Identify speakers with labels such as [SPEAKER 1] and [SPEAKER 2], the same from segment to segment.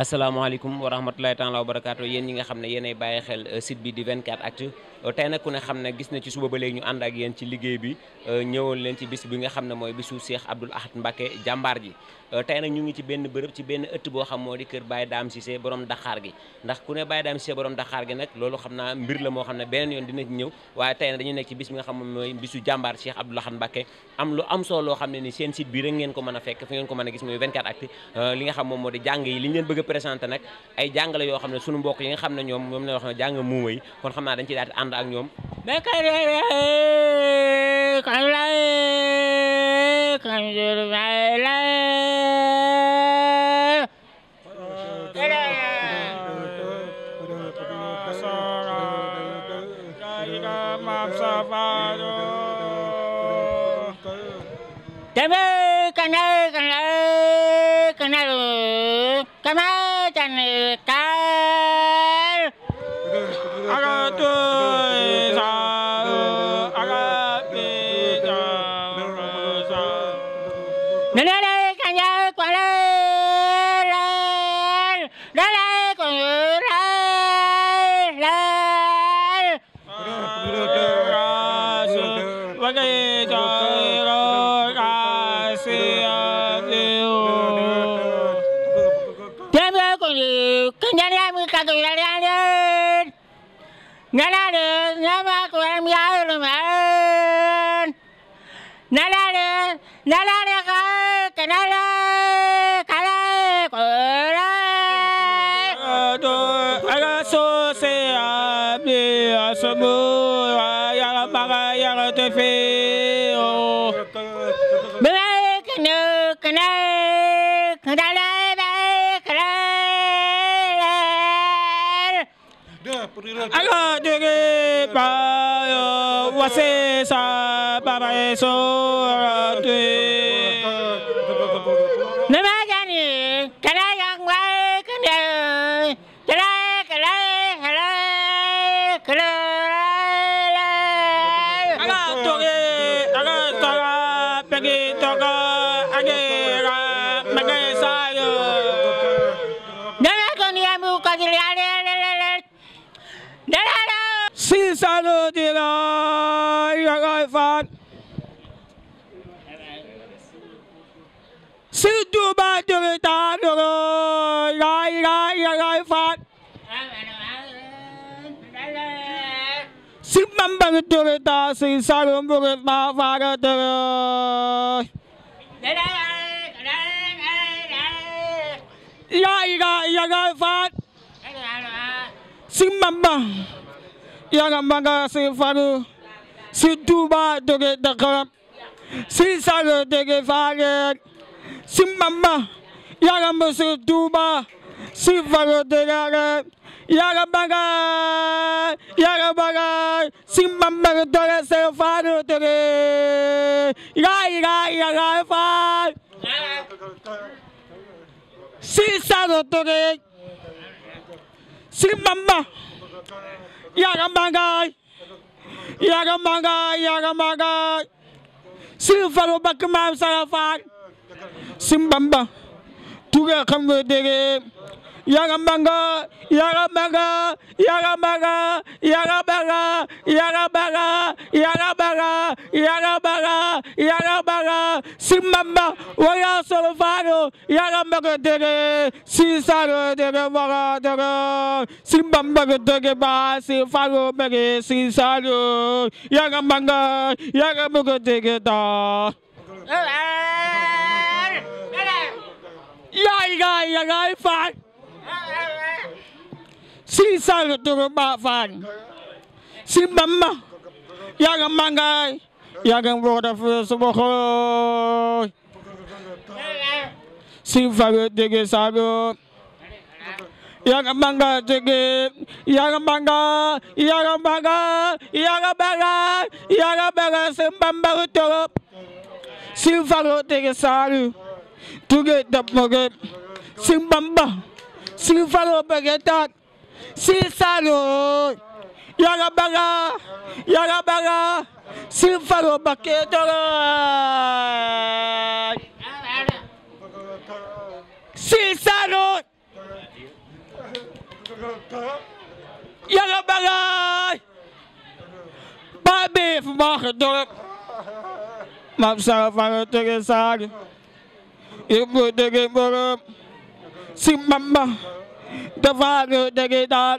[SPEAKER 1] asalaamaaleykum wa rahmatulahi taala wa barakaatu yéen ñi nga xam ne yéenay bàyyi xel euh, site bi di 24 actu euh, tey nag ku ne xam ne gis na ci suba ba léegi ñu ànd ak yéen ci liggéey bi euh, ñëwoon leen ci bis bi nga xam ne mooy bisu Cheikh Abdoul Ahad Mbacké jàmbaar ji tey nag ñu ngi ci benn bërëb ci benn ëtt boo xam moo di kër Baye Dame Cissé Daxaar gi ndax ku ne Baye Dame Cissé borom Daxaar gi nag loolu xam naa mbir la moo xam ne beneen yoon dina ci ñëw waaye tey nag dañu nekk ci bis bi nga am lu am solo loo xam ne ni seen site bi rek ngeen ko présenté nag ay jàngale yoo xam ne sunu mbokk yi nga xam ne ñoom moom la wax ne jàng muuma yi kon xam naa dañ ciy daal di ànd ak ñoom
[SPEAKER 2] Deme kanay kanay la la Alors,
[SPEAKER 1] de pas, euh, voici ça, papa et euh, Fall Sëriñ Tuuba jëri taadoro laay laay laay Fall si bambal jëri taa si sarum buri maa faara jëri laay laay laay Fall si bambal yaram ba nga si faru si Touba jóge Dakaram si Salo jóge Faareer si Mamba yàlla mba si Touba si Falo jóge Yare yàlla bagaay yàlla bagaay si Mamba jóge si Falo jóge yaay yaay yaay faal si Salo jóge si Mamba yaga maga yaga maga sëriñ Fallou bakk maam sara faal simbamba tuge xam nga dege yaga maga yaga maga yaga maga yaga maga yaga maga yaga maga yaga yara yara bara simmamba waya solo fano yara mbaga dere sisaro dere wara dere simmamba dere ba si faro mege sisaro yara mbaga yara mbaga dere da yai gai yagai fan sisaro dere ba fan yagam boo ko def eh, suba xooy si fawe eh, dege saabo yaga banga dege yaga banga yaga banga yaga banga yaga banga sembambaru toro si fawe dege saaru tuge dapoge simbamba si fawe eh, bege tak si saaru yarabaga yarabaga silfaro bakedoray silsano yarabagay babeef maxdorop mam sara fara tege sag ibro tege mborop simbamba dafaro tege daal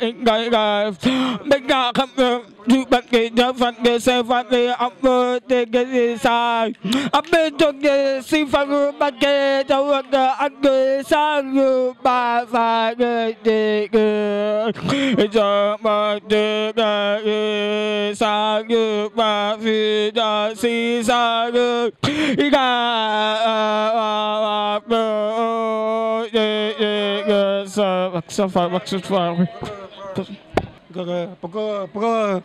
[SPEAKER 1] ngay ga bích nga khắp chư bạch kỳ nhớ phật kỳ sơ phật kỳ ấp tê kỳ sa ấp bên trong kỳ si phật bạch kỳ châu vật kỳ ân kỳ sa ngư ba và kỳ tê kỳ giờ mà tê kỳ sa ngư ba phi đa si sa ngư ga
[SPEAKER 3] Safa, Safa, Safa.